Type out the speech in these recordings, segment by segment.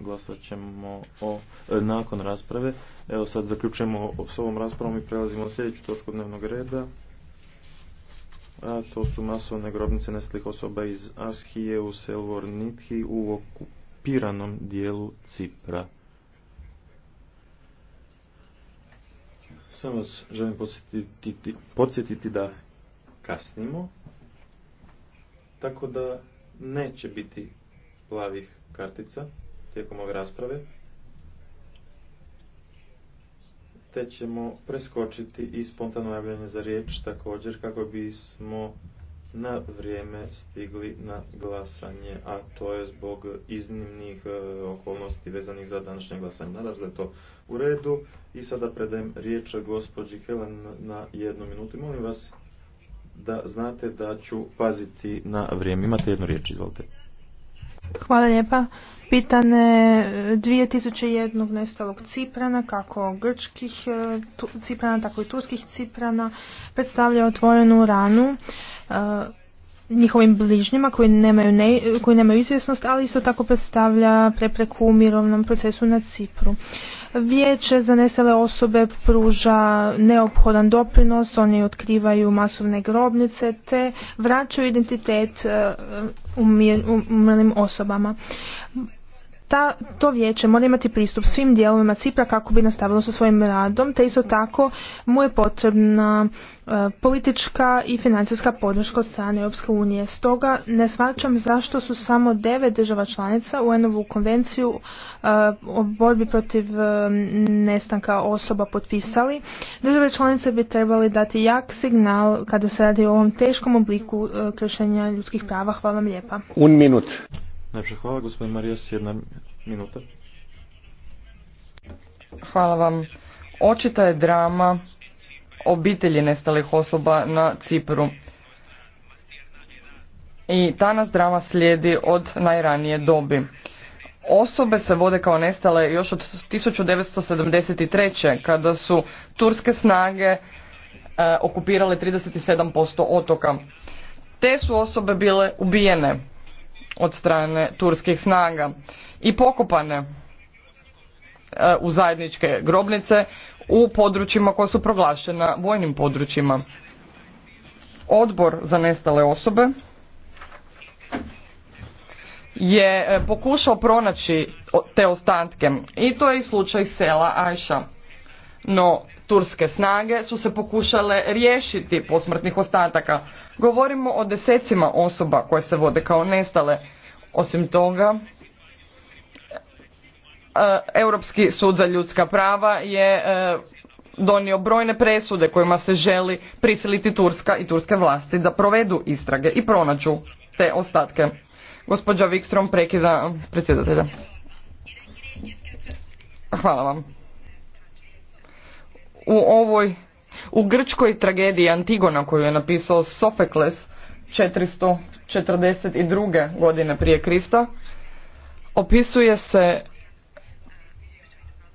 glasovat ćemo o, e, nakon rasprave. Evo sad zaključujemo s ovom raspravom i prelazimo na sljedeću točku dnevnog reda. A to su masovne grobnice nestalih osoba iz Ashije u Nithi u okupiranom dijelu Cipra. Samo vas želim podsjetiti, podsjetiti da kasnimo, tako da neće biti plavih kartica tijekom ove rasprave. Te ćemo preskočiti i spontano javljanje za riječ također kako bismo na vrijeme stigli na glasanje, a to je zbog iznimnih e, okolnosti vezanih za današnje glasanje. Nadam se da je to u redu i sada predajem riječ gospođi Helen na jednu minutu. Molim vas da znate da ću paziti na vrijeme. Imate jednu riječ, izvolite. Hvala lijepa. Pitane 2001 e, nestalog Ciprana, kako grčkih e, Ciprana, tako i turskih Ciprana, predstavlja otvorenu ranu e, njihovim bližnjima koji nemaju, koji nemaju izvjesnost, ali isto tako predstavlja prepreku u mirovnom procesu na Cipru. Vijeće za nesele osobe pruža neophodan doprinos, oni otkrivaju masovne grobnice te vraćaju identitet e, um- umrlim osobama ta, to vijeće mora imati pristup svim dijelovima Cipra kako bi nastavilo sa svojim radom, te isto tako mu je potrebna e, politička i financijska podrška od strane Europske unije. Stoga ne shvaćam zašto su samo devet država članica u enovu konvenciju e, o borbi protiv e, nestanka osoba potpisali. Države članice bi trebali dati jak signal kada se radi o ovom teškom obliku kršenja ljudskih prava. Hvala vam lijepa. Un minut. Najprej hvala, gospodin Marijas, jedna minuta. Hvala vam. Očita je drama obitelji nestalih osoba na Cipru. I ta nas drama slijedi od najranije dobi. Osobe se vode kao nestale još od 1973. kada su turske snage e, okupirale 37% otoka. Te su osobe bile ubijene od strane turskih snaga i pokopane e, u zajedničke grobnice u područjima koja su proglašena vojnim područjima. Odbor za nestale osobe je e, pokušao pronaći te ostatke i to je i slučaj sela Ajša. No, turske snage su se pokušale riješiti posmrtnih ostataka. Govorimo o desecima osoba koje se vode kao nestale. Osim toga, e, Europski sud za ljudska prava je e, donio brojne presude kojima se želi prisiliti Turska i turske vlasti da provedu istrage i pronađu te ostatke. Gospođa Wikstrom prekida predsjedatelja. Hvala vam u ovoj u grčkoj tragediji Antigona koju je napisao Sofekles 442. godine prije Krista opisuje se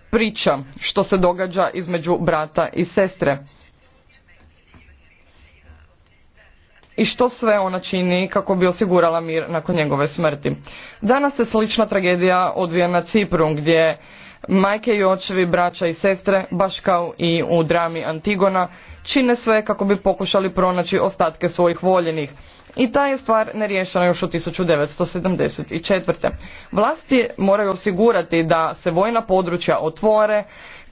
priča što se događa između brata i sestre i što sve ona čini kako bi osigurala mir nakon njegove smrti. Danas se slična tragedija odvija na Cipru gdje Majke i očevi, braća i sestre, baš kao i u drami Antigona, čine sve kako bi pokušali pronaći ostatke svojih voljenih. I ta je stvar neriješena još od 1974. Vlasti moraju osigurati da se vojna područja otvore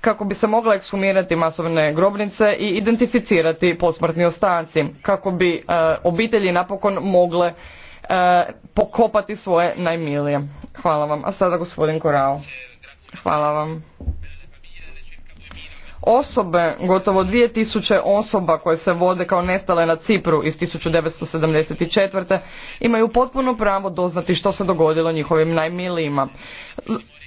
kako bi se mogla ekshumirati masovne grobnice i identificirati posmrtni ostanci, kako bi e, obitelji napokon mogle e, pokopati svoje najmilije. Hvala vam. A sada gospodin Korao. Hvala vam. Osobe, gotovo 2000 osoba koje se vode kao nestale na Cipru iz 1974. imaju potpuno pravo doznati što se dogodilo njihovim najmilijima.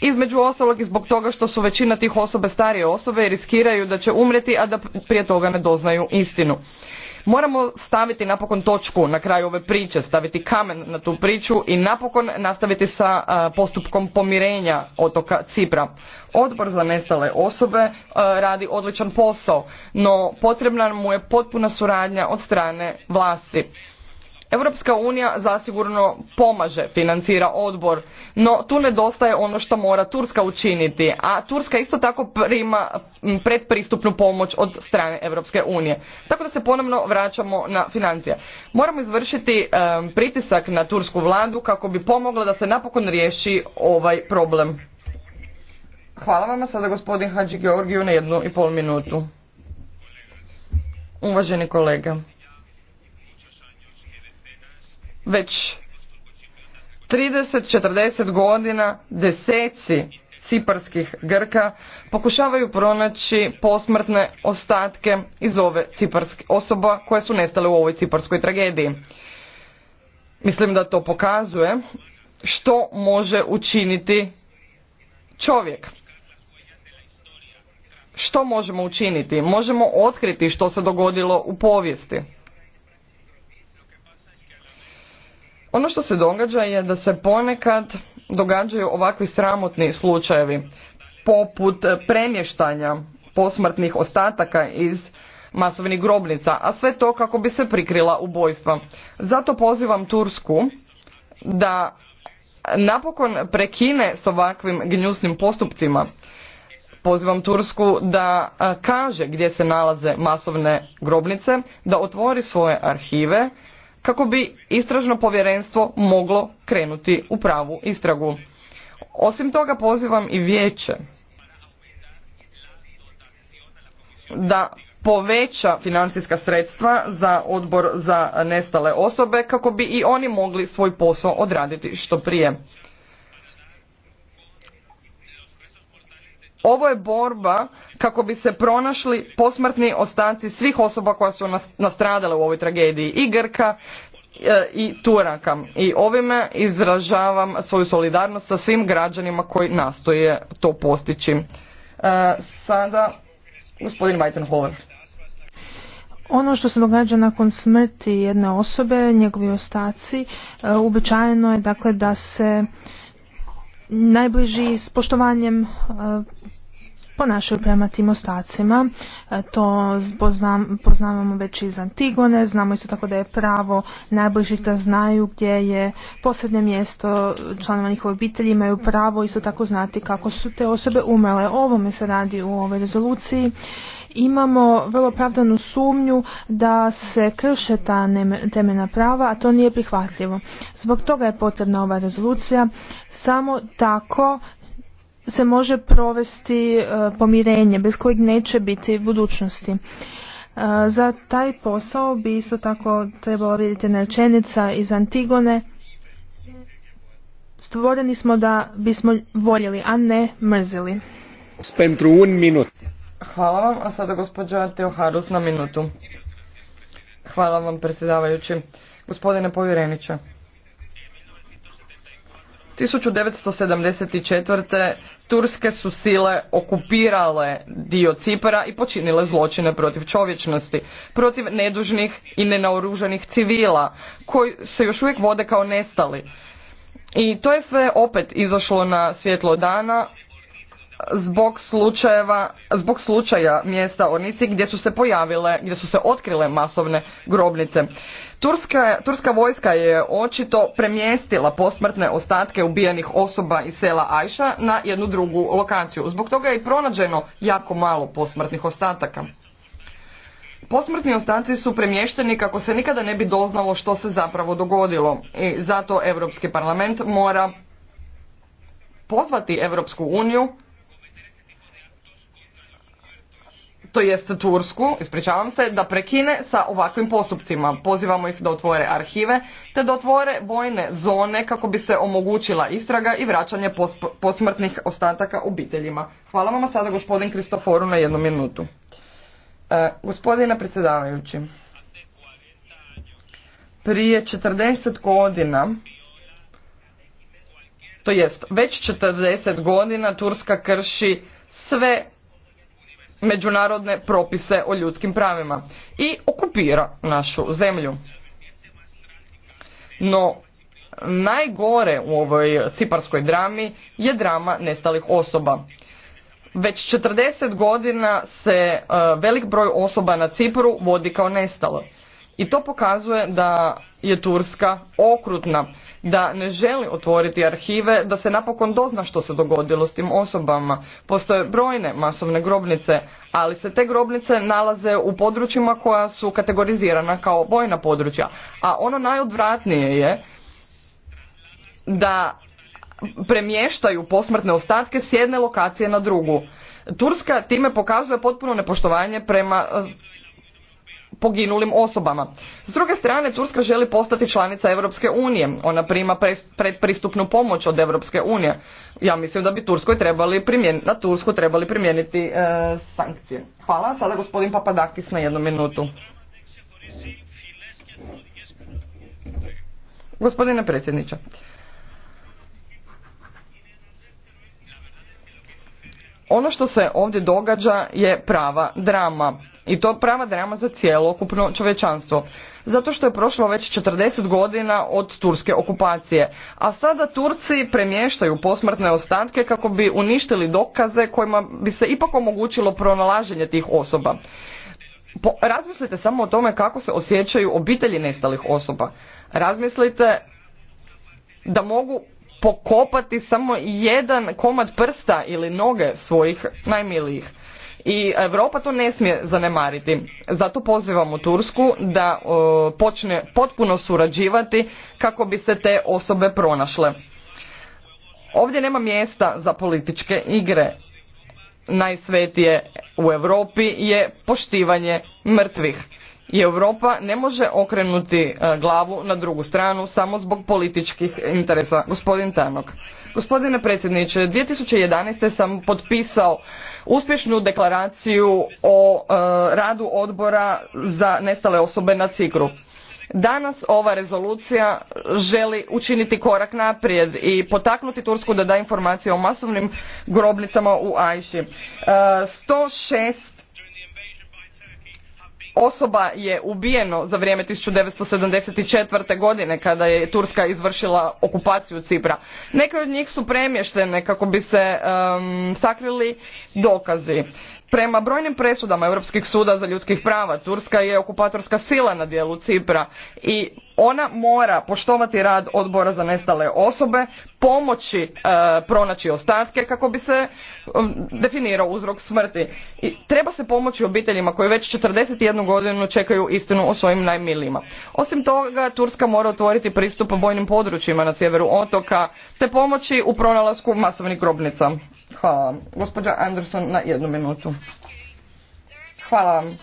Između ostalog i zbog toga što su većina tih osobe starije osobe i riskiraju da će umreti, a da prije toga ne doznaju istinu. Moramo staviti napokon točku na kraju ove priče, staviti kamen na tu priču i napokon nastaviti sa postupkom pomirenja otoka Cipra. Odbor za nestale osobe radi odličan posao, no potrebna mu je potpuna suradnja od strane vlasti. Europska unija zasigurno pomaže, financira odbor, no tu nedostaje ono što mora Turska učiniti, a Turska isto tako prima predpristupnu pomoć od strane Europske unije. Tako da se ponovno vraćamo na financije. Moramo izvršiti e, pritisak na tursku vladu kako bi pomogla da se napokon riješi ovaj problem. Hvala vam sada gospodin Hadži Georgiju na jednu i pol minutu. Uvaženi kolega. Već 30-40 godina deseci ciparskih Grka pokušavaju pronaći posmrtne ostatke iz ove ciparske osoba koje su nestale u ovoj ciparskoj tragediji. Mislim da to pokazuje što može učiniti čovjek. Što možemo učiniti? Možemo otkriti što se dogodilo u povijesti. Ono što se događa je da se ponekad događaju ovakvi sramotni slučajevi, poput e, premještanja posmrtnih ostataka iz masovnih grobnica, a sve to kako bi se prikrila ubojstva. Zato pozivam Tursku da napokon prekine s ovakvim gnjusnim postupcima. Pozivam Tursku da e, kaže gdje se nalaze masovne grobnice, da otvori svoje arhive, kako bi istražno povjerenstvo moglo krenuti u pravu istragu. Osim toga pozivam i vijeće da poveća financijska sredstva za odbor za nestale osobe kako bi i oni mogli svoj posao odraditi što prije. Ovo je borba kako bi se pronašli posmrtni ostanci svih osoba koja su nastradale u ovoj tragediji i Grka eh, i Turaka. I ovime izražavam svoju solidarnost sa svim građanima koji nastoje to postići. Eh, sada gospodin Weizenhofer. Ono što se događa nakon smrti jedne osobe, njegovi ostaci, eh, uobičajeno je dakle da se najbliži s poštovanjem e, ponašaju prema tim ostacima. E, to poznavamo već iz Antigone, znamo isto tako da je pravo najbližih da znaju gdje je posljednje mjesto članova njihove obitelji, imaju pravo isto tako znati kako su te osobe umele, O ovome se radi u ovoj rezoluciji imamo vrlo pravdanu sumnju da se krše ta temeljna prava, a to nije prihvatljivo. Zbog toga je potrebna ova rezolucija. Samo tako se može provesti e, pomirenje bez kojeg neće biti budućnosti. E, za taj posao bi isto tako trebalo vidjeti rečenica iz Antigone. Stvoreni smo da bismo voljeli, a ne mrzili. un Hvala vam, a sada gospođa Teoharus na minutu. Hvala vam, predsjedavajući. Gospodine povjereniče. 1974. Turske su sile okupirale dio Cipara i počinile zločine protiv čovječnosti, protiv nedužnih i nenaoružanih civila, koji se još uvijek vode kao nestali. I to je sve opet izašlo na svjetlo dana zbog slučajeva, zbog slučaja mjesta Ornici gdje su se pojavile, gdje su se otkrile masovne grobnice. Turska, turska vojska je očito premjestila posmrtne ostatke ubijenih osoba iz sela Ajša na jednu drugu lokaciju. Zbog toga je i pronađeno jako malo posmrtnih ostataka. Posmrtni ostaci su premješteni kako se nikada ne bi doznalo što se zapravo dogodilo i zato Europski parlament mora pozvati Europsku uniju to jest Tursku, ispričavam se, da prekine sa ovakvim postupcima. Pozivamo ih da otvore arhive, te da otvore vojne zone kako bi se omogućila istraga i vraćanje posmrtnih ostataka obiteljima. Hvala vam sada gospodin Kristoforu na jednu minutu. E, gospodine predsjedavajući, prije 40 godina to jest već 40 godina Turska krši sve međunarodne propise o ljudskim pravima i okupira našu zemlju. No, najgore u ovoj ciparskoj drami je drama nestalih osoba. Već 40 godina se e, velik broj osoba na Cipru vodi kao nestalo. I to pokazuje da je Turska okrutna da ne želi otvoriti arhive, da se napokon dozna što se dogodilo s tim osobama. Postoje brojne masovne grobnice, ali se te grobnice nalaze u područjima koja su kategorizirana kao vojna područja. A ono najodvratnije je da premještaju posmrtne ostatke s jedne lokacije na drugu. Turska time pokazuje potpuno nepoštovanje prema poginulim osobama. S druge strane, Turska želi postati članica Europske unije. Ona prima predpristupnu pomoć od Europske unije. Ja mislim da bi Turskoj na Tursku trebali primijeniti e, sankcije. Hvala. Sada gospodin Papadakis na jednu minutu. Gospodine predsjedniče. Ono što se ovdje događa je prava drama i to prava drama za cijelokupno čovečanstvo. Zato što je prošlo već 40 godina od turske okupacije. A sada Turci premještaju posmrtne ostatke kako bi uništili dokaze kojima bi se ipak omogućilo pronalaženje tih osoba. razmislite samo o tome kako se osjećaju obitelji nestalih osoba. Razmislite da mogu pokopati samo jedan komad prsta ili noge svojih najmilijih i Europa to ne smije zanemariti. Zato pozivamo Tursku da e, počne potpuno surađivati kako bi se te osobe pronašle. Ovdje nema mjesta za političke igre. Najsvetije u Europi je poštivanje mrtvih. I Europa ne može okrenuti e, glavu na drugu stranu samo zbog političkih interesa. Gospodin Tanok. Gospodine predsjedniče, 2011. sam potpisao uspješnu deklaraciju o e, radu odbora za nestale osobe na Cikru. Danas ova rezolucija želi učiniti korak naprijed i potaknuti Tursku da da informacije o masovnim grobnicama u Ajši. E, 106 osoba je ubijeno za vrijeme 1974. godine kada je Turska izvršila okupaciju Cipra. Neke od njih su premještene kako bi se sakrili dokazi. Prema brojnim presudama Europskih suda za ljudskih prava Turska je okupatorska sila na dijelu Cipra i ona mora poštovati rad odbora za nestale osobe pomoći e, pronaći ostatke kako bi se definirao uzrok smrti i treba se pomoći obiteljima koji već 41 godinu čekaju istinu o svojim najmilijima osim toga turska mora otvoriti pristup vojnim područjima na sjeveru otoka te pomoći u pronalasku masovnih grobnica hvala anderson na jednu minutu hvala vam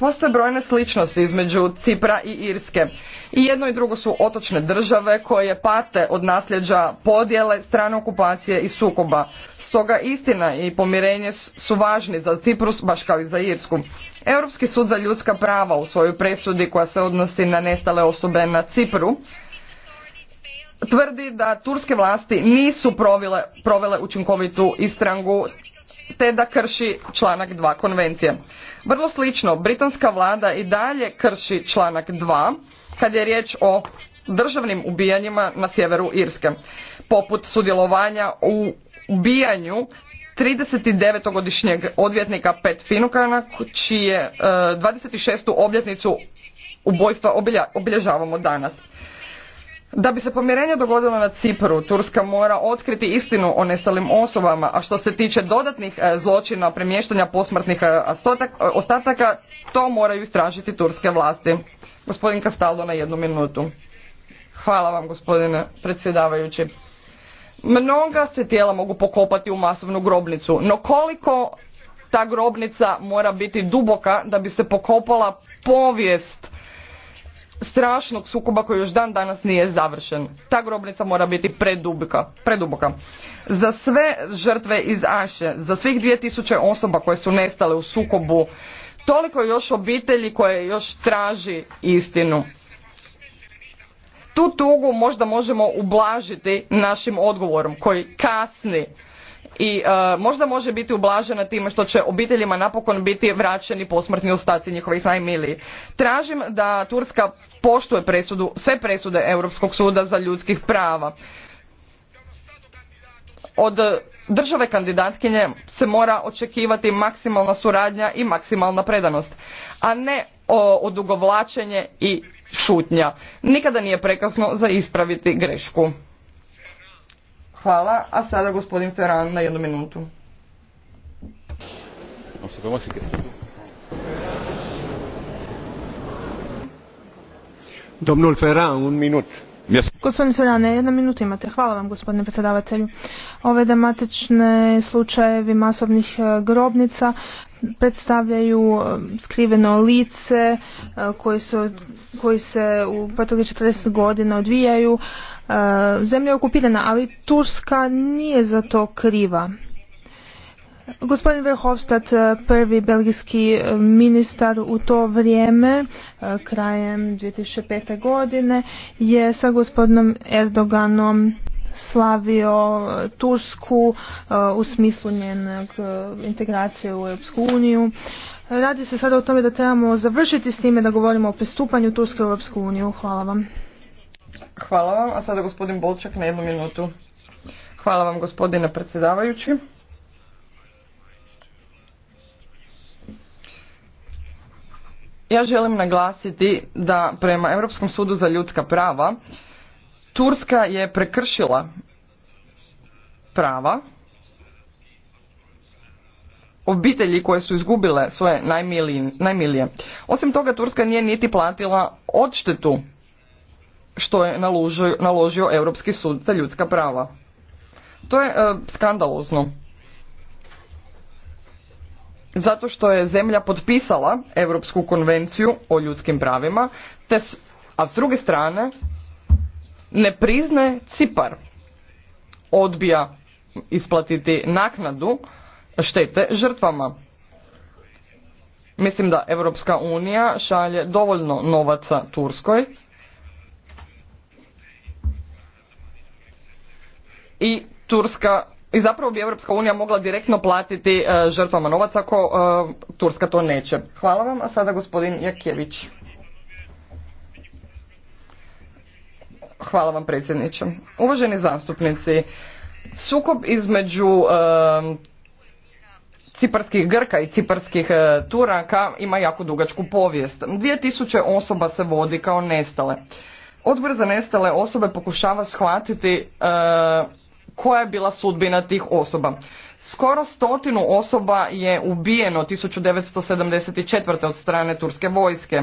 Postoje brojne sličnosti između Cipra i Irske. I jedno i drugo su otočne države koje pate od nasljeđa podjele, strane okupacije i sukoba. Stoga istina i pomirenje su važni za Ciprus baš kao i za Irsku. Europski sud za ljudska prava u svojoj presudi koja se odnosi na nestale osobe na Cipru tvrdi da turske vlasti nisu provele učinkovitu istrangu te da krši članak 2 konvencije. Vrlo slično, britanska vlada i dalje krši članak 2 kad je riječ o državnim ubijanjima na sjeveru Irske, poput sudjelovanja u ubijanju 39-godišnjeg odvjetnika Pet Finukana, čije e, 26. obljetnicu ubojstva obilježavamo danas. Da bi se pomirenje dogodilo na Cipru, Turska mora otkriti istinu o nestalim osobama, a što se tiče dodatnih e, zločina premještanja posmrtnih e, e, ostataka, to moraju istražiti turske vlasti. Gospodin Kastaldo na jednu minutu. Hvala vam gospodine predsjedavajući. Mnoga se tijela mogu pokopati u masovnu grobnicu, no koliko ta grobnica mora biti duboka da bi se pokopala povijest strašnog sukoba koji još dan danas nije završen. Ta grobnica mora biti preduboka. preduboka. Za sve žrtve iz Aše, za svih 2000 osoba koje su nestale u sukobu, toliko još obitelji koje još traži istinu. Tu tugu možda možemo ublažiti našim odgovorom koji kasni i e, možda može biti ublažena time što će obiteljima napokon biti vraćeni posmrtni ostaci njihovih najmilijih. Tražim da Turska poštuje presudu, sve presude Europskog suda za ljudskih prava. Od države kandidatkinje se mora očekivati maksimalna suradnja i maksimalna predanost, a ne odugovlačenje i šutnja. Nikada nije prekasno za ispraviti grešku. Hvala, a sada gospodin Ferran na jednu minutu. Pa Domnul Ferran, un minut. Gospodin Ferran, jedna minuta imate. Hvala vam gospodine predsjedavatelju. Ove dramatične slučajevi masovnih e, grobnica predstavljaju e, skriveno lice e, koji, koji se u proteklih 40 godina odvijaju. E, zemlja je okupirana, ali Turska nije za to kriva. Gospodin Verhofstadt, prvi belgijski ministar u to vrijeme, krajem 2005. godine, je sa gospodinom Erdoganom slavio eh, Tursku eh, u smislu njenog eh, integracije u Europsku uniju. Radi se sada o tome da trebamo završiti s time da govorimo o pristupanju Turske u Europsku uniju. Hvala vam. Hvala vam, a sada gospodin Bolčak na jednu minutu. Hvala vam gospodine predsjedavajući. Ja želim naglasiti da prema Europskom sudu za ljudska prava Turska je prekršila prava obitelji koje su izgubile svoje najmilije. Osim toga, Turska nije niti platila odštetu što je naložio, Europski sud za ljudska prava. To je e, skandalozno. Zato što je zemlja potpisala Europsku konvenciju o ljudskim pravima, te a s druge strane ne priznaje Cipar, odbija isplatiti naknadu štete žrtvama. Mislim da Europska unija šalje dovoljno novaca Turskoj i Turska i zapravo bi Europska unija mogla direktno platiti e, žrtvama novac ako e, Turska to neće. Hvala vam, a sada gospodin Jakjević. Hvala vam predsjedniče. Uvaženi zastupnici, sukob između ciparskih Grka i ciparskih e, Turaka ima jako dugačku povijest. 2000 osoba se vodi kao nestale. Odbor za nestale osobe pokušava shvatiti e, koja je bila sudbina tih osoba. Skoro stotinu osoba je ubijeno 1974. od strane turske vojske.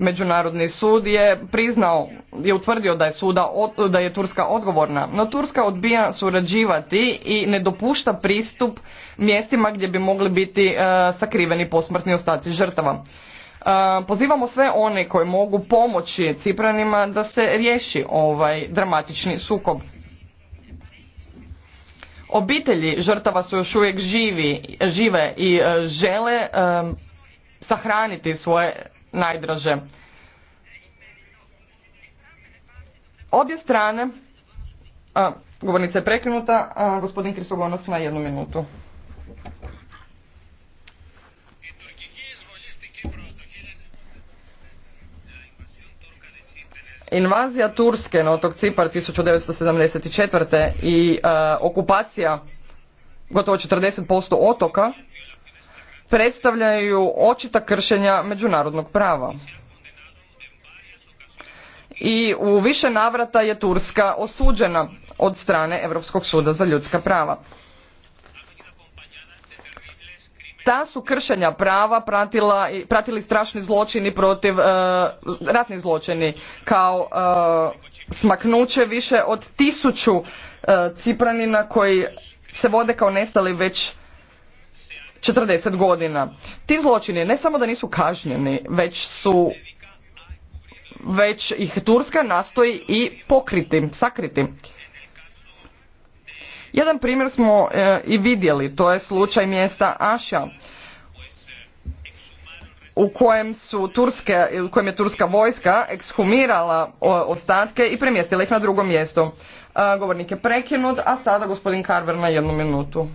Međunarodni sud je priznao, je utvrdio da je, suda, da je Turska odgovorna, no Turska odbija surađivati i ne dopušta pristup mjestima gdje bi mogli biti e, sakriveni posmrtni ostaci žrtava. E, pozivamo sve one koji mogu pomoći Cipranima da se riješi ovaj dramatični sukob. Obitelji žrtava su još uvijek živi, žive i e, žele e, sahraniti svoje najdraže. Obje strane, a, govornica je prekinuta, gospodin Krisogonos na jednu minutu. Invazija Turske na otok Cipar 1974. i e, okupacija gotovo 40% otoka predstavljaju očita kršenja međunarodnog prava. I u više navrata je Turska osuđena od strane Europskog suda za ljudska prava ta su kršenja prava pratila, pratili strašni zločini protiv e, ratni zločini kao e, smaknuće više od tisuću e, cipranina koji se vode kao nestali već 40 godina. Ti zločini ne samo da nisu kažnjeni, već su već ih Turska nastoji i pokriti, sakriti. Jedan primjer smo e, i vidjeli, to je slučaj mjesta Aša u kojem su turske, u kojem je turska vojska ekshumirala ostatke i premjestila ih na drugo mjesto. E, govornik je prekinut, a sada gospodin Karver na jednu minutu.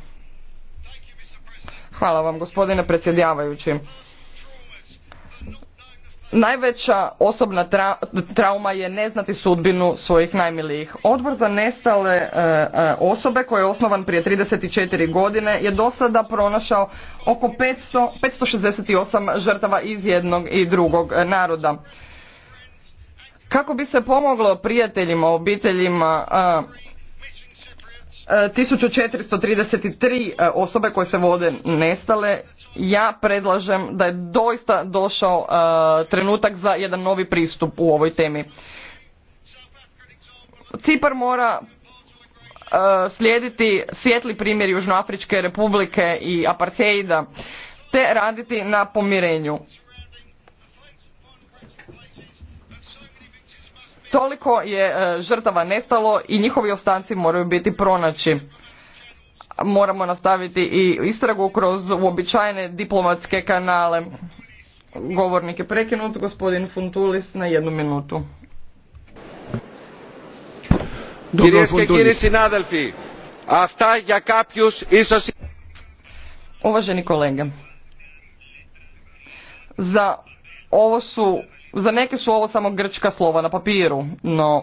Hvala vam gospodine predsjedavajući. Najveća osobna trauma je neznati sudbinu svojih najmilijih. Odbor za nestale e, e, osobe koji je osnovan prije 34 godine je do sada pronašao oko 500, 568 žrtava iz jednog i drugog naroda. Kako bi se pomoglo prijateljima, obiteljima, e, 1433 e, osobe koje se vode nestale, ja predlažem da je doista došao e, trenutak za jedan novi pristup u ovoj temi. Cipar mora e, slijediti svijetli primjer Južnoafričke republike i apartheida te raditi na pomirenju. Toliko je e, žrtava nestalo i njihovi ostanci moraju biti pronaći. Moramo nastaviti i istragu kroz uobičajene diplomatske kanale. Govornik je prekinut, gospodin Funtulis na jednu minutu. Uvaženi kolege, za ovo su za neke su ovo samo grčka slova na papiru, no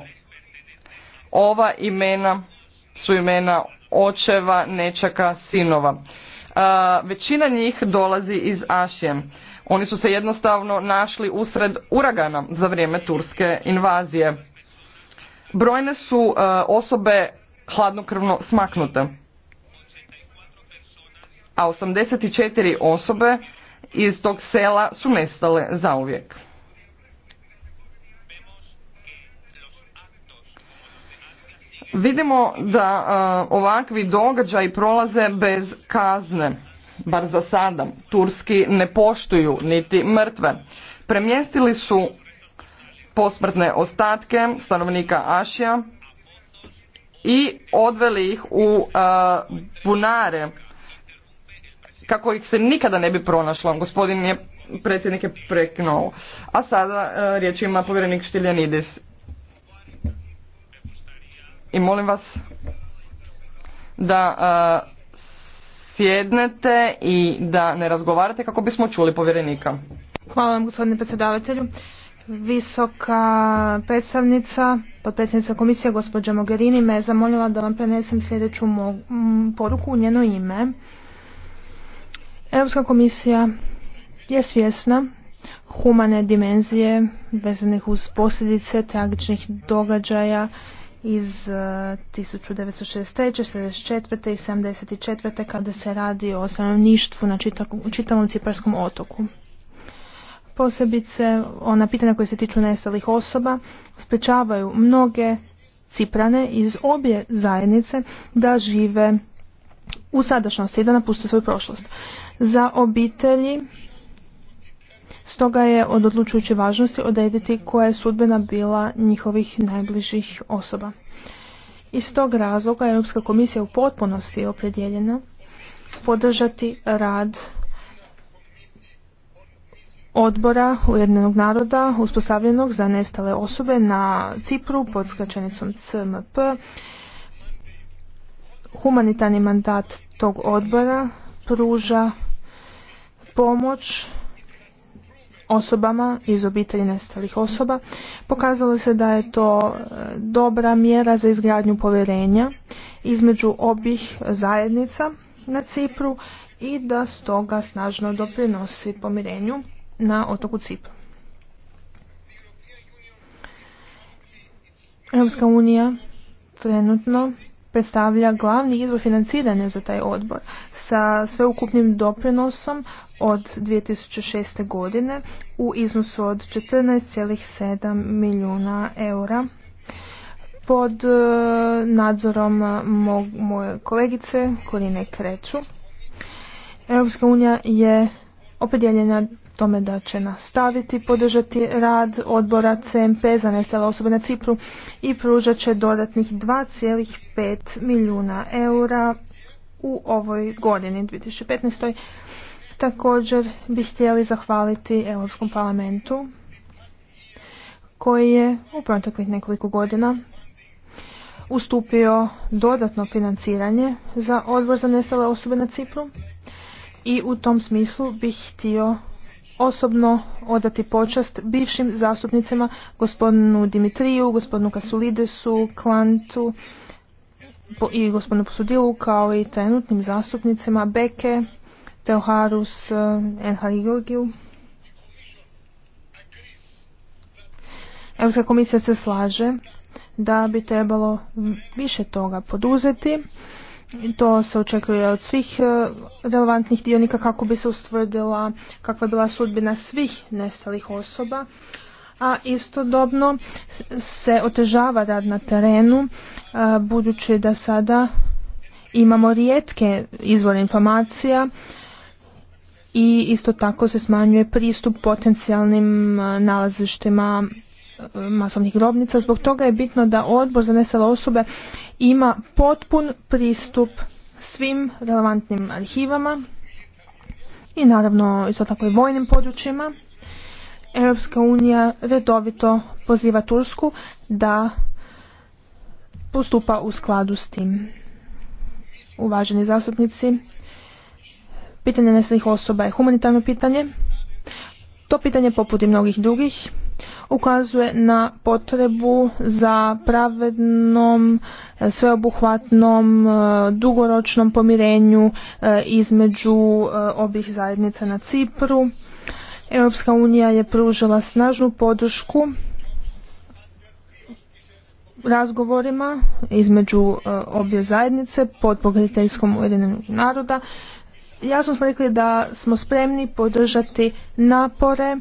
ova imena su imena očeva, nečaka, sinova. E, većina njih dolazi iz Ašije. Oni su se jednostavno našli usred uragana za vrijeme turske invazije. Brojne su e, osobe hladnokrvno smaknute. A 84 osobe iz tog sela su nestale zauvijek. Vidimo da e, ovakvi događaji prolaze bez kazne, bar za sada. Turski ne poštuju niti mrtve. Premjestili su posmrtne ostatke stanovnika Ašija i odveli ih u e, bunare kako ih se nikada ne bi pronašlo. Gospodin je predsjednik je preknuo. A sada e, riječ ima povjerenik Štiljanidis i molim vas da e, sjednete i da ne razgovarate kako bismo čuli povjerenika. Hvala vam gospodine predsjedavatelju. Visoka predstavnica, potpredsjednica komisije gospođa Mogherini me je zamolila da vam prenesem sljedeću poruku u njeno ime. Europska komisija je svjesna humane dimenzije vezanih uz posljedice tragičnih događaja iz 1963. E, 64. i 74. kada se radi o stanovništvu na čitavom Ciparskom otoku. Posebice ona pitanja koje se tiču nestalih osoba sprečavaju mnoge Ciprane iz obje zajednice da žive u sadašnjosti i da napuste svoju prošlost. Za obitelji Stoga je od odlučujuće važnosti odrediti koja je sudbena bila njihovih najbližih osoba. Iz tog razloga Europska komisija u potpunosti je opredjeljena podržati rad odbora Ujedinjenog naroda uspostavljenog za nestale osobe na Cipru pod skraćenicom CMP. Humanitarni mandat tog odbora pruža pomoć osobama iz obitelji nestalih osoba. Pokazalo se da je to e, dobra mjera za izgradnju povjerenja između obih zajednica na Cipru i da stoga snažno doprinosi pomirenju na otoku Cipru. Europska unija trenutno predstavlja glavni izvor financiranja za taj odbor sa sveukupnim doprinosom od 2006. godine u iznosu od 14,7 milijuna eura pod e, nadzorom moje kolegice Korine Kreću. Europska unija je opredjeljena tome da će nastaviti podržati rad odbora CMP za nestale osobe na Cipru i pružat će dodatnih 2,5 milijuna eura u ovoj godini 2015. Također bi htjeli zahvaliti Europskom parlamentu koji je u proteklih nekoliko godina ustupio dodatno financiranje za odbor za nestale osobe na Cipru i u tom smislu bih htio osobno odati počast bivšim zastupnicima gospodinu Dimitriju, gospodinu Kasulidesu, Klantu i gospodinu Posudilu kao i trenutnim zastupnicima Beke, Teoharus, Enhari eh, Georgiju. Europska komisija se slaže da bi trebalo više toga poduzeti to se očekuje od svih eh, relevantnih dionika kako bi se ustvrdila kakva je bila sudbina svih nestalih osoba, a istodobno se otežava rad na terenu eh, budući da sada imamo rijetke izvore informacija i isto tako se smanjuje pristup potencijalnim eh, nalazištima masovnih grobnica. Zbog toga je bitno da odbor za nestale osobe ima potpun pristup svim relevantnim arhivama i naravno isto tako i vojnim područjima. Europska unija redovito poziva Tursku da postupa u skladu s tim. Uvaženi zastupnici, pitanje nesnih osoba je humanitarno pitanje. To pitanje poput i mnogih drugih ukazuje na potrebu za pravednom, e, sveobuhvatnom, e, dugoročnom pomirenju e, između obih zajednica na Cipru. Europska unija je pružila snažnu podršku razgovorima između obje zajednice pod Pogriteljskom Ujedinjenog naroda jasno smo rekli da smo spremni podržati napore e,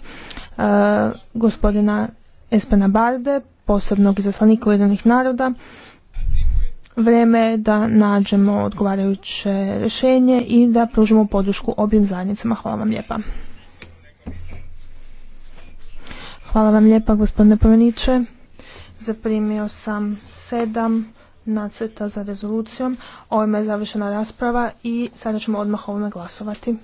gospodina Espena Barde, posebnog izaslanika Ujedinih naroda. vrijeme je da nađemo odgovarajuće rješenje i da pružimo podršku obim zajednicama. Hvala vam lijepa. Hvala vam lijepa gospodine Pomeniče. Zaprimio sam sedam nacrta za rezolucijom. Ovime je završena rasprava i sada ćemo odmah ovome glasovati.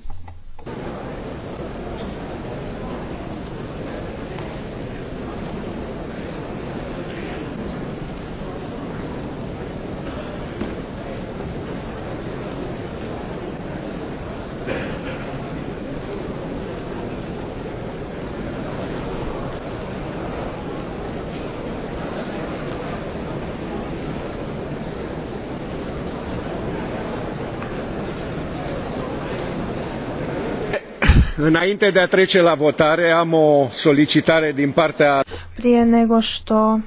Înainte de a trece la votare, am o solicitare din Prije nego što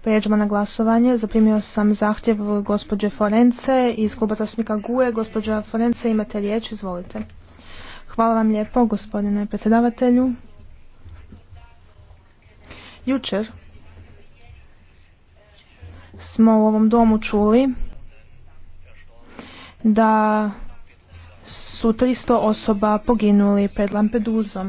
Prijeđemo na glasovanje. Zaprimio sam zahtjev gospođe Forence iz kluba zastupnika GUE. Gospođa Forence, imate riječ, izvolite. Hvala vam lijepo, gospodine predsjedavatelju. Jučer smo u ovom domu čuli da su 300 osoba poginuli pred Lampeduzom.